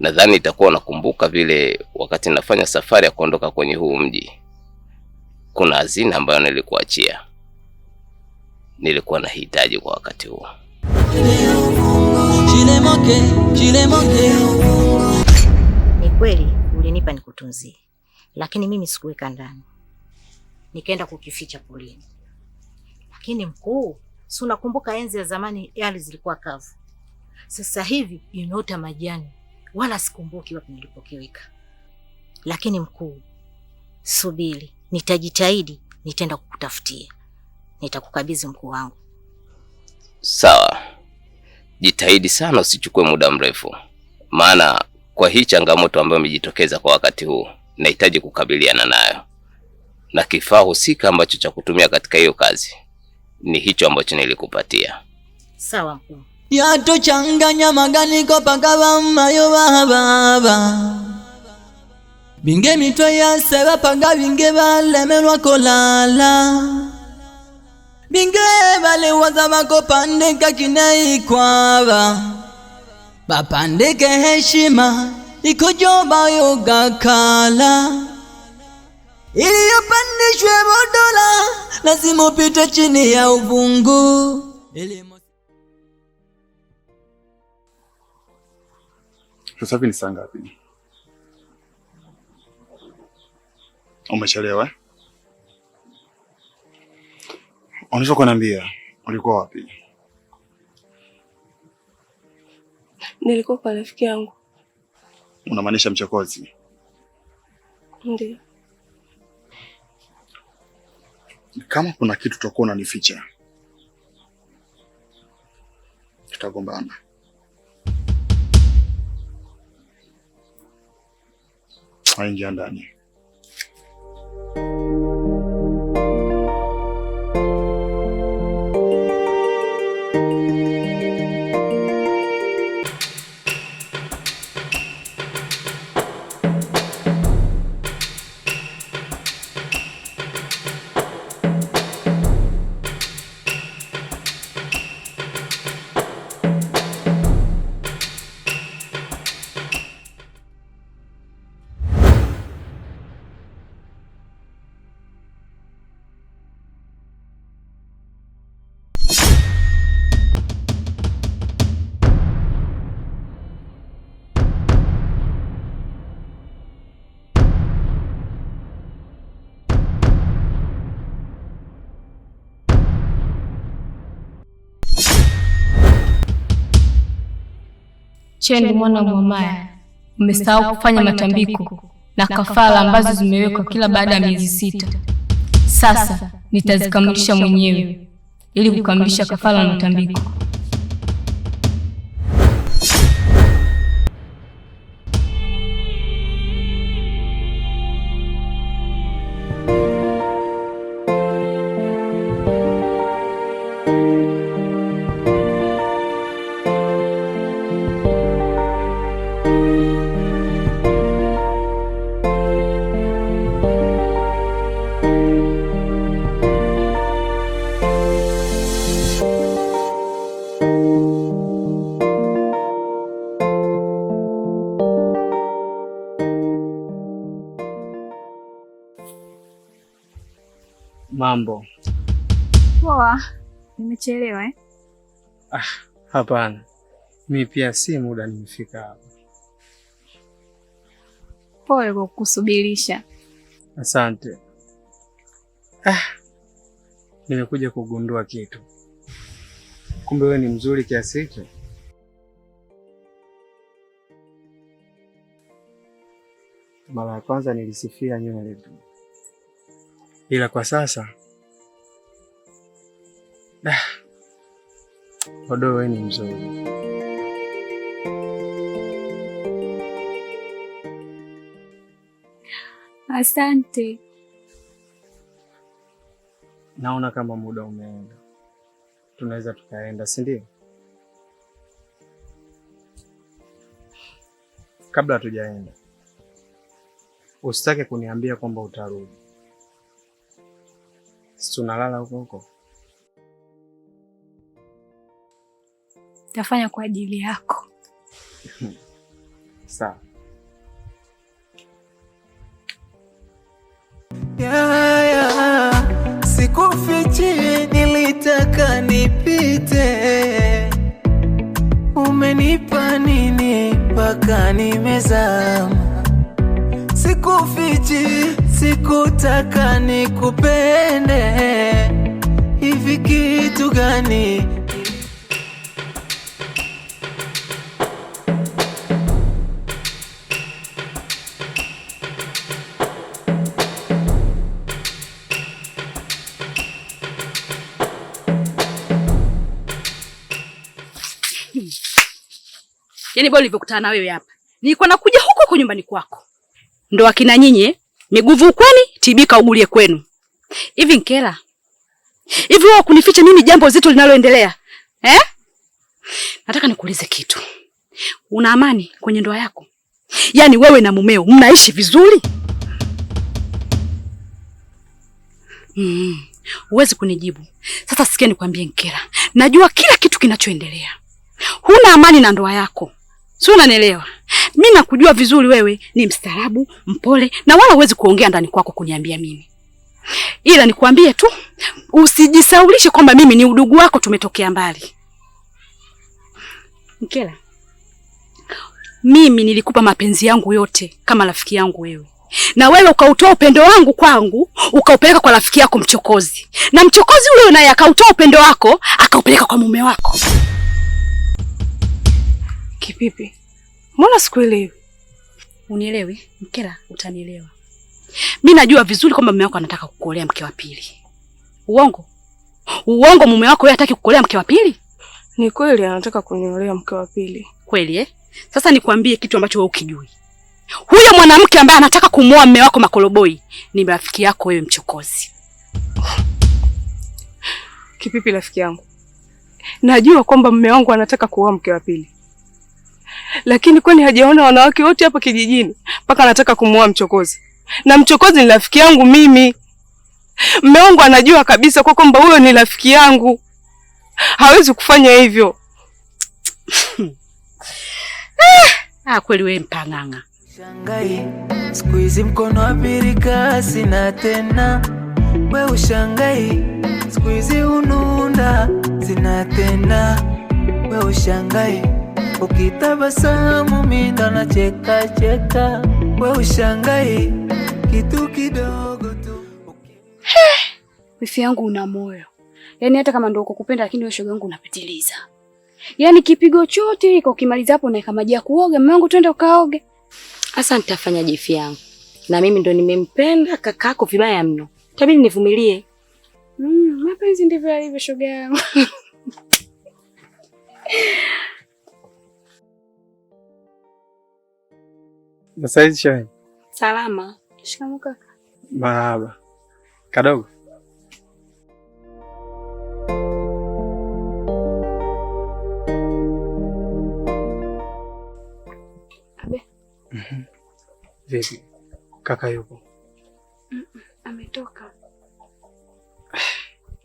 Nadhani itakuwa unakumbuka vile wakati nafanya safari ya kuondoka kwenye huu mji, kuna hazina ambayo nilikuachia, nilikuwa nahitaji kwa wakati huo. Ni kweli ulinipa nikutunzie, lakini mimi sikuweka ndani, nikaenda kukificha polini. Lakini mkuu, si unakumbuka enzi ya zamani, ardhi zilikuwa kavu, sasa hivi inaota majani wala sikumbuki wapi nilipokiweka, lakini mkuu, subiri, nitajitahidi, nitaenda kukutafutia, nitakukabidhi mkuu wangu. Sawa, jitahidi sana, usichukue muda mrefu, maana kwa hii changamoto ambayo imejitokeza kwa wakati huu nahitaji kukabiliana nayo, na kifaa husika ambacho cha kutumia katika hiyo kazi ni hicho ambacho nilikupatia. Sawa mkuu yatochanganya maganiko pagavammayo vavava vinge mitwe yase vapaga vinge valemelwa kolala vinge valiwaza vakopandika kineikwava vapandike heshima ikojovayo gakala iliyopandishwe bodola lazima upite chini ya uvungu Tusafiri ni saa ngapi? Umechelewa? Unaweza kuniambia ulikuwa wapi? Nilikuwa kwa rafiki yangu. Unamaanisha mchokozi? Ndio. Kama kuna kitu tutakuwa unanificha, tutagombana. haingia ndani. Sheni mwana wa Mwamaya, umesahau kufanya matambiko na kafara ambazo zimewekwa kila baada ya miezi sita. Sasa nitazikamilisha mwenyewe ili kukamilisha kafara na matambiko. umechelewa eh? Ah, hapana, mi pia si muda nimefika hapa. Pole kwa kukusubirisha. Asante. Ah, nimekuja kugundua kitu, kumbe wewe ni mzuri kiasi hicho. Mara ya kwanza nilisifia nywele tu, ila kwa sasa Ah. Odoo, wewe ni mzuri. Asante. Naona kama muda umeenda, tunaweza tukaenda, si ndio? Kabla hatujaenda, usitake kuniambia kwamba utarudi, si tunalala huko huko? Tafanya kwa ajili yako. Sawa. Yeah, yeah. Sikufichi, nilitaka nipite. Umenipa nini mpaka nimezama? Sikufichi, sikutaka nikupende. Hivi kitu gani Yaani bora nilivyokutana na wewe hapa. Nilikuwa nakuja huko kwa nyumbani kwako. Ndo akina nyinyi eh? miguvu kwani tibika ugulie kwenu. Hivi Nkela. Hivi wewe kunificha mimi jambo zito linaloendelea. Eh? Nataka nikuulize kitu. Una amani kwenye ndoa yako? Yaani wewe na mumeo mnaishi vizuri? Mm. Huwezi kunijibu. Sasa sikia nikwambie Nkela. Najua kila kitu kinachoendelea. Huna amani na ndoa yako. Sio, unanielewa? Mi nakujua vizuri, wewe ni mstaarabu, mpole na wala huwezi kuongea ndani kwako kuniambia mimi, ila nikwambie tu usijisaulishe kwamba mimi ni udugu wako, tumetokea mbali. Mkela, mimi nilikupa mapenzi yangu yote kama rafiki yangu wewe, na wewe ukautoa upendo wangu kwangu ukaupeleka kwa rafiki yako mchokozi, na mchokozi huyo naye akautoa upendo wako akaupeleka kwa mume wako. Kipipi, mbona sikuelewi? Unielewi Mkela, utanielewa. Mi najua vizuri kwamba mume wako anataka kukuolea mke wa pili. Uongo uongo? Mume wako yeye hataki kukuolea mke wa pili? Ni kweli anataka kuniolea mke wa pili kweli eh? Sasa nikwambie kitu ambacho wewe ukijui, huyo mwanamke ambaye anataka kumuoa mume wako Makoroboi ni rafiki yako wewe, mchokozi. Kipipi, rafiki yangu, najua kwamba mume wangu anataka kuoa mke wa pili lakini kwani hajaona wanawake wote hapa kijijini mpaka anataka kumuoa mchokozi? Na mchokozi ni rafiki yangu mimi, mme wangu anajua kabisa kwa kwamba huyo ni rafiki yangu, hawezi kufanya hivyo. Ah, kweli we mpanganga. Shangai siku hizi mkono wa pili kasi na tena we ushangai siku hizi ununda zina tena we ushangai ukitabasamu mindo na cheka cheka, we ushangai kitu kidogo tu. Wifi yangu una moyo yaani, hata kama ndio kupenda lakini wewe shoga yangu unapitiliza. Yaani kipigo chote iko ukimaliza hapo naika maji ya kuoga, mume wangu twende ukaoge. Sasa nitafanya jifi yangu, na mimi ndo nimempenda kakako vibaya mno, tabidi nivumilie. Mm, mapenzi ndivyo yalivyo shoga yangu. Masaizi shai salama. Shikamu kaka. Marahaba kadogo. Abe mhm. vipi? Kaka yupo? ametoka.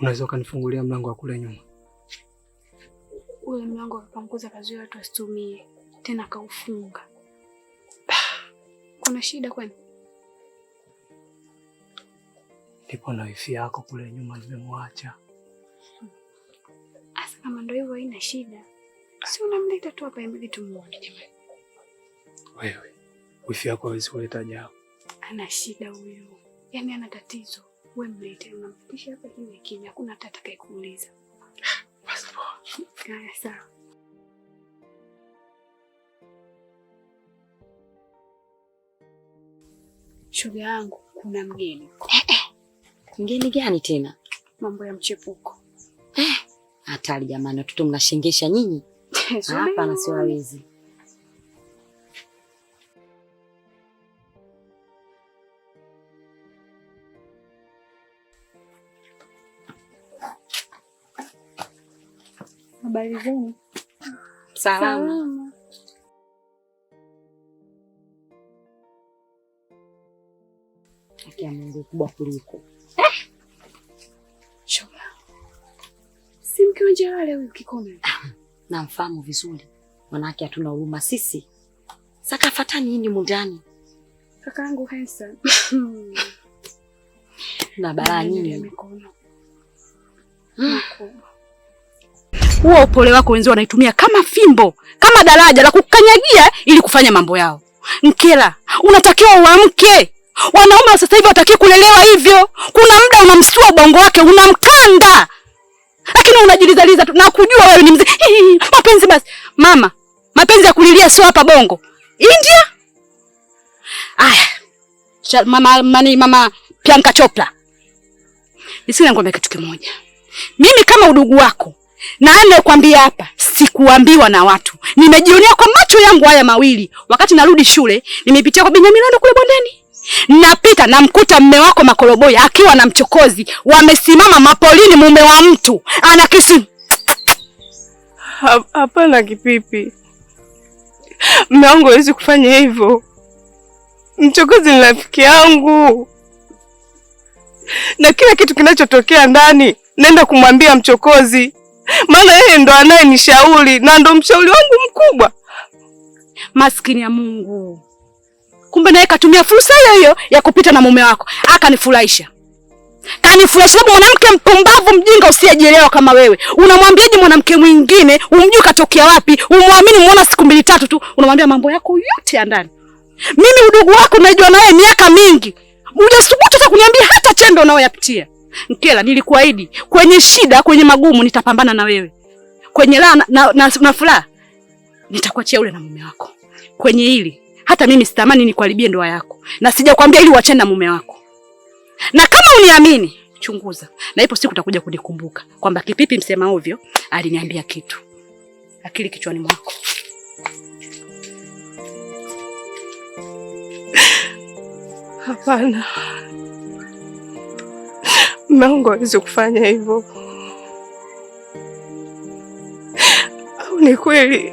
Unaweza ukanifungulia mlango wa kule nyuma? Ule mlango wa kupanguza kazi watu wasitumie tena, kaufunga una shida kwani? Ndipo na wifi yako kule nyuma nimemwacha. Asa kama ndio hivyo, haina shida, si unamleta tu hapa ili tumuone Wewe wifi yako hawezi kuleta jao, ana shida huyo, yaani ana tatizo. We mlete, unamfikisha hapa kimya kimya, hakuna hata atakayekuuliza. Basi poa. Haya, sawa. Shuga yangu kuna mgeni. Eh, eh. Mgeni gani tena? Mambo ya mchepuko. Eh, hatari jamani, watoto mnashengesha nyinyi. Hapa na siwawezi. Habari zenu? Salama. Salama. haki ya Mungu kubwa kuliko eh! si mke wa Jalale huyu Kikome. Ah, namfahamu vizuri, manake hatuna huruma sisi. Sakafata nini mundani? Kakaangu hensa na balaa nini? Ah. Huo upole wako wenzao wanaitumia kama fimbo, kama daraja la kukanyagia ili kufanya mambo yao. Nkela, unatakiwa uamke. Wanaume sasa hivi wataki kulelewa hivyo. Kuna muda unamsua ubongo wake unamkanda, lakini unajilizaliza tu. Nakujua wewe ni mzee. Mapenzi basi, mama, mapenzi ya kulilia sio hapa Bongo, India. Aya, mama, mani, mama Priyanka Chopra, nisinangombea kitu kimoja. Mimi kama udugu wako na anayekwambia hapa, sikuambiwa na watu, nimejionea kwa macho yangu haya mawili. Wakati narudi shule, nimepitia kwa Benyamilando kule bondeni Napita namkuta mme wako Makoroboya akiwa na mchokozi wamesimama mapolini, mume wa mtu ana anakishi. Hapana Kipipi, mme wangu hawezi kufanya hivyo. Mchokozi ni rafiki yangu, na kila kitu kinachotokea ndani naenda kumwambia mchokozi, maana yeye ndo anayenishauri na ndo mshauri wangu mkubwa. Maskini ya Mungu Kumbe naye katumia fursa hiyo hiyo ya kupita na mume wako akanifurahisha, kanifurahisha. Sababu mwanamke mpumbavu, mjinga, usiyejielewa kama wewe, unamwambiaje mwanamke mwingine umjui katokea wapi, umwamini, muona siku mbili tatu tu, unamwambia mambo yako yote ya ndani. Mimi udugu wako najua naye miaka mingi, hujasubutu hata kuniambia hata chendo unayoyapitia. Nkela, nilikuahidi kwenye shida, kwenye magumu nitapambana na wewe, kwenye raha na, na, na, na furaha nitakuachia ule na mume wako, kwenye hili hata mimi sitamani nikuharibie ndoa yako, na sijakwambia ili uachane na mume wako. Na kama uniamini, chunguza, na ipo siku utakuja kunikumbuka kwamba Kipipi msema ovyo aliniambia kitu. Akili kichwani mwako. Hapana, mume wangu hawezi kufanya hivyo. Au ni kweli?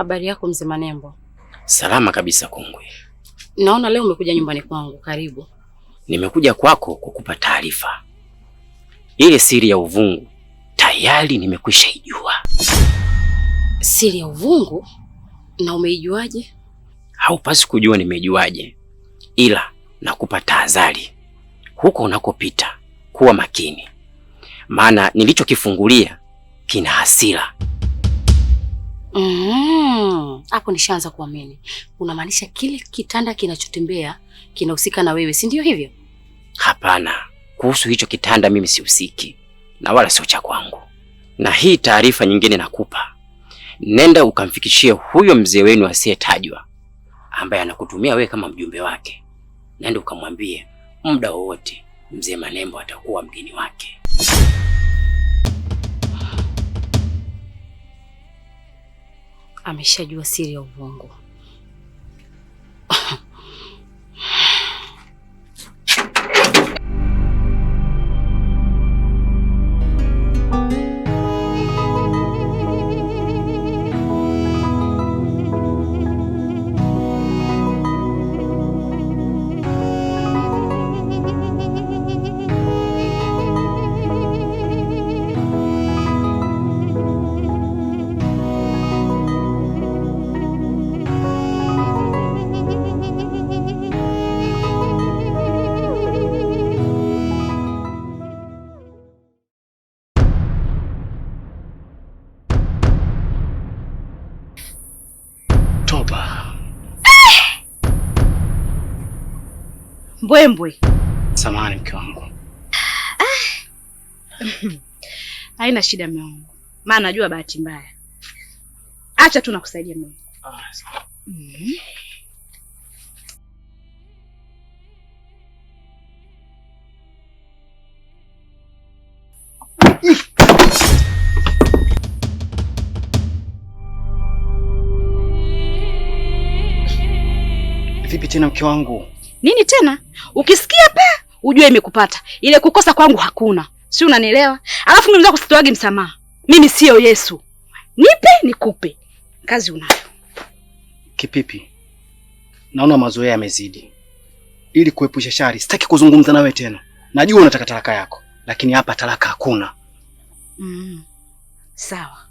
Habari yako mzee Manembo? Salama kabisa kongwe. Naona leo umekuja nyumbani kwangu, karibu. Nimekuja kwako kukupa taarifa. Ile siri ya uvungu tayari nimekwisha ijua. Siri ya uvungu? Na umeijuaje? Haupasi kujua nimeijuaje, ila nakupa tahadhari huko unakopita, kuwa makini, maana nilichokifungulia kina hasira hapo nishaanza kuamini. Unamaanisha kile kitanda kinachotembea kinahusika na wewe, si ndio hivyo? Hapana, kuhusu hicho kitanda mimi sihusiki na wala sio cha kwangu. Na hii taarifa nyingine nakupa, nenda ukamfikishie huyo mzee wenu asiyetajwa ambaye anakutumia wewe kama mjumbe wake. Nenda ukamwambie muda wowote mzee Manembo atakuwa mgeni wake. ameshajua siri ya uvungu mbwembwe. Samahani mke wangu. Ah. Haina shida mke wangu, maana najua bahati mbaya. Acha tu nakusaidia mume wangu. Ah, mm-hmm. Vipi tena mke wangu? Nini tena? Ukisikia pe, ujue imekupata. Ile kukosa kwangu hakuna, si unanielewa? Alafu mimi kusitoagi msamaha, mimi siyo Yesu. Nipe nikupe, kazi unayo. Kipipi, naona mazoea yamezidi. Ili kuepusha shari, sitaki kuzungumza nawe tena. Najua unataka talaka yako, lakini hapa talaka hakuna. Mm, sawa.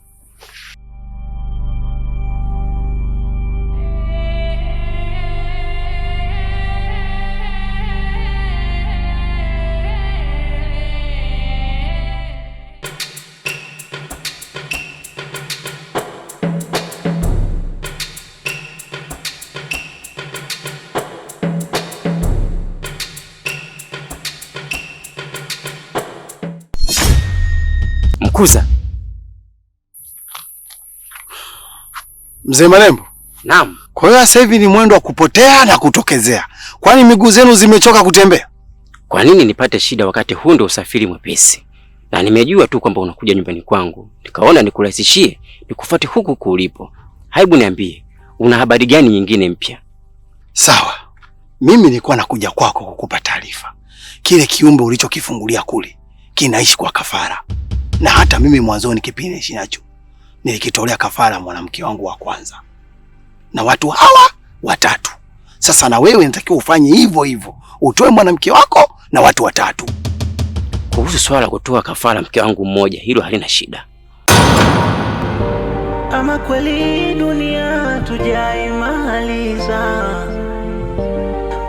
Mzee Malembo? Naam. Kwa hiyo sasa hivi ni mwendo wa kupotea na kutokezea, kwani miguu zenu zimechoka kutembea? Kwa nini nipate shida wakati huu ndio usafiri mwepesi, na nimejua tu kwamba unakuja nyumbani kwangu, nikaona nikurahisishie, nikufuate huku huku ulipo. haibu niambie, una habari gani nyingine mpya? Sawa, mimi nilikuwa nakuja kwako kukupa taarifa. Kile kiumbe ulichokifungulia kule kinaishi kwa kafara, na hata mimi mwanzoni kipindi ninacho nilikitolea kafara mwanamke wangu wa kwanza na watu hawa watatu. Sasa na wewe natakiwa ufanye hivyo hivyo, utoe mwanamke wako na watu watatu. Kuhusu swala la kutoa kafara mke wangu mmoja, hilo halina shida. Ama kweli dunia tujaimaliza,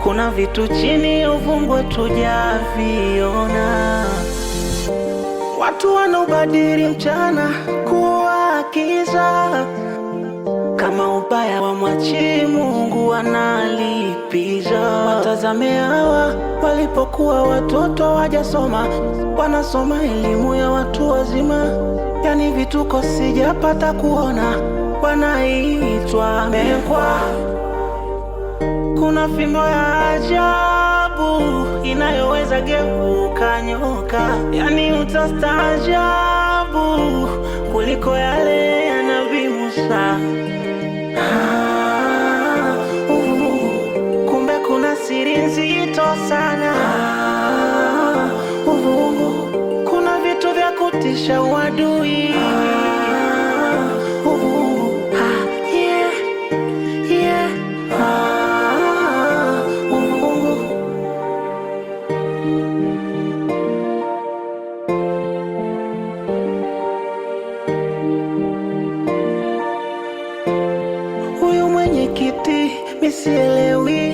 kuna vitu chini uvungu tujaviona Watu wanaobadili mchana kuwa kiza, kama ubaya wa mwachi Mungu wanalipiza Watazame hawa walipokuwa watoto wajasoma, wanasoma elimu ya watu wazima, yani vituko sijapata kuona, wanaitwa mekwa. Kuna fimbo ya ajabu sababu inayoweza geuka nyoka, yani utastaajabu kuliko yale yanaviusa. Ah, uh, kumbe kuna siri nzito sana. Ah, uh, uh kuna vitu vya kutisha uadui. Ah, Huyu mwenyekiti misielewi,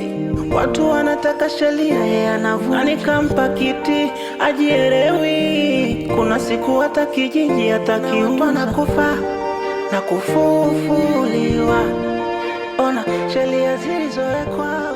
watu wanataka sheria, yeye anavuna nikampa kiti ajielewi. Kuna siku hata kijiji hata na kufa na kufufuliwa, ona sheria zilizowekwa